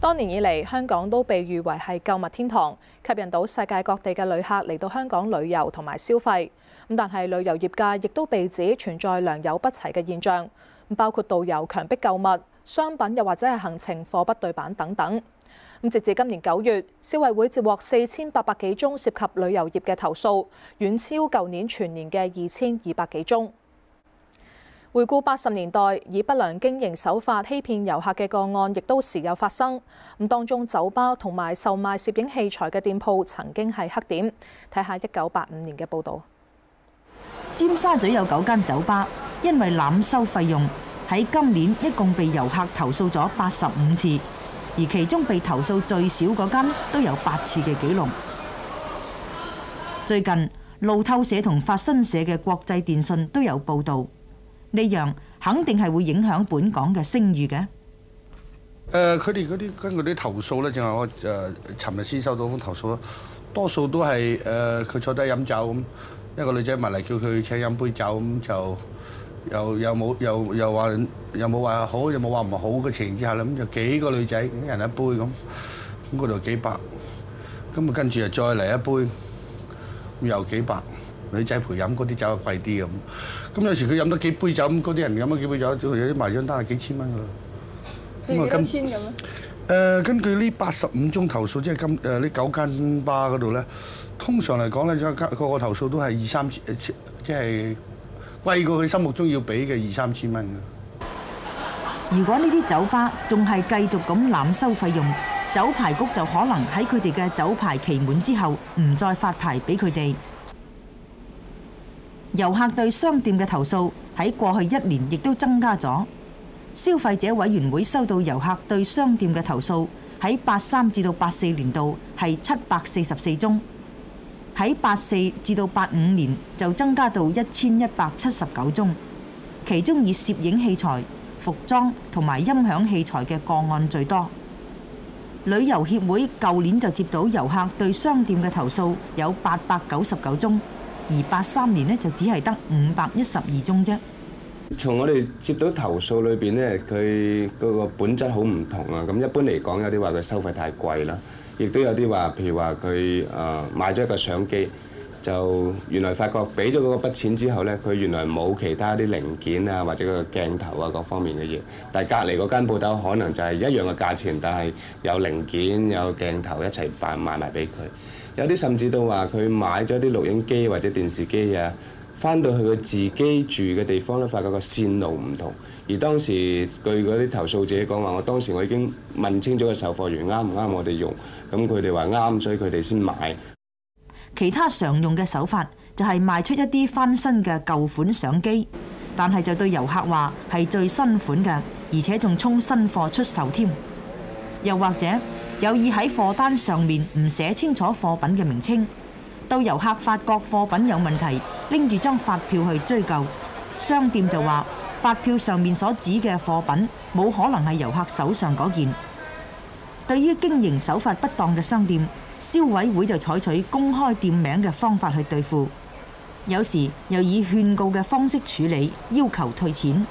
多年以嚟，香港都被譽為係購物天堂，吸引到世界各地嘅旅客嚟到香港旅遊同埋消費。咁但係旅遊業界亦都被指存在良莠不齊嘅現象，包括導遊強迫購物、商品又或者係行程貨不對板等等。咁截至今年九月，消委會接獲四千八百幾宗涉及旅遊業嘅投訴，遠超舊年全年嘅二千二百幾宗。回顧八十年代，以不良經營手法欺騙遊客嘅個案，亦都時有發生。咁當中酒吧同埋售賣攝影器材嘅店鋪曾經係黑點。睇下一九八五年嘅報導。尖沙咀有九間酒吧，因為濫收費用，喺今年一共被遊客投訴咗八十五次，而其中被投訴最少嗰間都有八次嘅記錄。最近路透社同法新社嘅國際電訊都有報導。呢樣肯定係會影響本港嘅聲譽嘅。誒，佢哋嗰啲根據啲投訴咧，正係我誒，尋日先收到封投訴咯。多數都係誒，佢坐低飲酒，咁一個女仔埋嚟叫佢請飲杯酒咁就又又冇又又話又冇話好又冇話唔好嘅情形之下咧，咁就幾個女仔一人一杯咁，咁嗰度幾百，咁啊跟住又再嚟一杯，又幾百。女仔陪飲嗰啲酒貴啲咁，咁有時佢飲得幾杯酒，咁嗰啲人飲多幾杯酒，有啲埋張單係幾千蚊噶啦。咁啊，金千咁啊？誒，根據呢八十五宗投訴，即係今誒呢九間吧嗰度咧，通常嚟講咧，個個投訴都係二三千，即係貴過佢心目中要俾嘅二三千蚊噶。如果呢啲酒吧仲係繼續咁濫收費用，酒牌局就可能喺佢哋嘅酒牌期滿之後唔再發牌俾佢哋。遊客對商店嘅投訴喺過去一年亦都增加咗。消費者委員會收到遊客對商店嘅投訴喺八三至到八四年度係，七百四十四宗，喺八四至到八五年就增加到一千一百七十九宗，其中以攝影器材服裝同埋音響器材嘅個案最多。旅遊協會舊年就接到遊客對商店嘅投訴有八百九十九宗 Nee 而八三年咧就只係得五百一十二宗啫。從我哋接到投訴裏邊咧，佢嗰個本質好唔同啊。咁一般嚟講，有啲話佢收費太貴啦，亦都有啲話，譬如話佢誒買咗一個相機。就原來發覺俾咗嗰個筆錢之後呢，佢原來冇其他啲零件啊，或者個鏡頭啊各方面嘅嘢。但係隔離嗰間鋪頭可能就係一樣嘅價錢，但係有零件、有鏡頭一齊擺賣埋俾佢。有啲甚至到話佢買咗啲錄影機或者電視機啊，翻到去佢自己住嘅地方咧，發覺個線路唔同。而當時據嗰啲投訴者講話，我當時我已經問清楚個售貨員啱唔啱我哋用，咁佢哋話啱，所以佢哋先買。其他常用嘅手法就係賣出一啲翻新嘅舊款相機，但係就對遊客話，係最新款嘅，而且仲充新貨出售添。又或者有意喺貨單上面唔寫清楚貨品嘅名稱，到遊客發覺貨品有問題，拎住張發票去追究，商店就話發票上面所指嘅貨品冇可能係遊客手上嗰件。對於經營手法不當嘅商店，消委會就採取公開店名嘅方法去對付，有時又以勸告嘅方式處理，要求退錢。